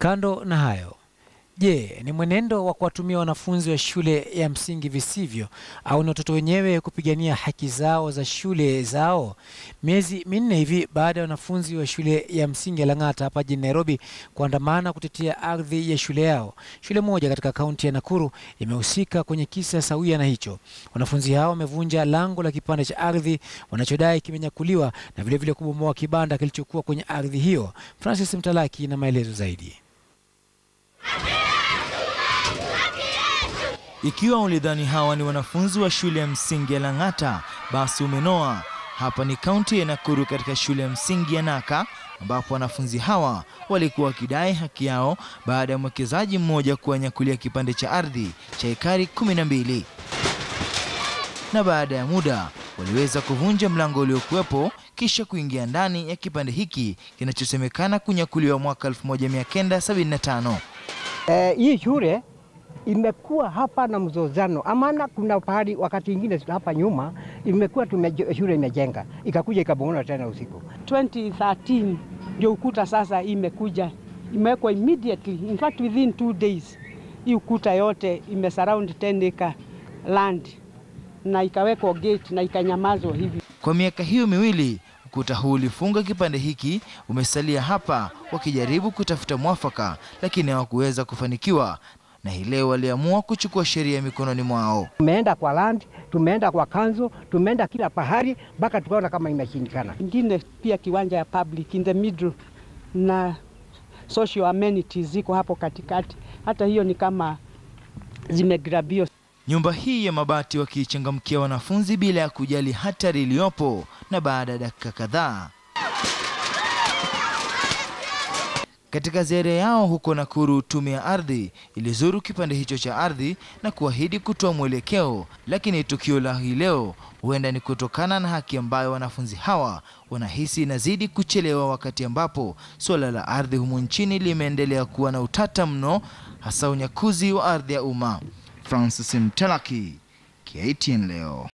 Kando na hayo, je, ni mwenendo wa kuwatumia wanafunzi wa shule ya msingi visivyo au ni watoto wenyewe kupigania haki zao za shule zao? Miezi minne hivi baada ya wanafunzi wa shule ya msingi ya Lang'ata hapa jijini Nairobi kuandamana kutetea ardhi ya shule yao, shule moja katika kaunti ya Nakuru imehusika kwenye kisa sawia na hicho. Wanafunzi hao wamevunja lango la kipande cha ardhi wanachodai kimenyakuliwa na vilevile kubomoa kibanda kilichokuwa kwenye ardhi hiyo. Francis Mtalaki na maelezo zaidi. Ikiwa ulidhani hawa ni wanafunzi wa shule ya msingi ya Lang'ata, basi umenoa. Hapa ni kaunti ya Nakuru katika shule ya msingi ya Naka ambapo wanafunzi hawa walikuwa wakidai haki yao baada ya mwekezaji mmoja kuwanyakulia kipande cha ardhi cha ekari 12 na baada ya muda waliweza kuvunja mlango uliokuwepo kisha kuingia ndani ya kipande hiki kinachosemekana kunyakuliwa mwaka 1975 eh, hii shule imekuwa hapa na mzozano amana. Kuna pahali wakati ingine hapa nyuma imekuwa tume, shule imejenga ikakuja ikabomolewa tena usiku 2013 ndio ukuta sasa imekuja imewekwa immediately, in fact within two days hii ukuta yote imesurround 10 acre land na ikawekwa gate na ikanyamazwa hivi. Kwa miaka hiyo miwili Ukuta huu ulifunga kipande hiki, umesalia hapa wakijaribu kutafuta mwafaka, lakini hawakuweza kufanikiwa, na hii leo waliamua kuchukua sheria mikononi mwao. Tumeenda kwa land, tumeenda kwa kanzo, tumeenda kila pahali mpaka tukaona kama imeshindikana. Ingine pia kiwanja ya public in the middle na social amenities ziko hapo katikati, hata hiyo ni kama zimegrabio. Nyumba hii ya mabati wakiichangamkia wanafunzi bila ya kujali hatari iliyopo, na baada ya dakika kadhaa Katika ziara yao huko Nakuru, tume ya ardhi ilizuru kipande hicho cha ardhi na kuahidi kutoa mwelekeo, lakini tukio la hii leo huenda ni kutokana na haki ambayo wanafunzi hawa wanahisi inazidi kuchelewa, wakati ambapo suala la ardhi humu nchini limeendelea kuwa na utata mno, hasa unyakuzi wa ardhi ya umma. Francis Mtelaki, KTN leo.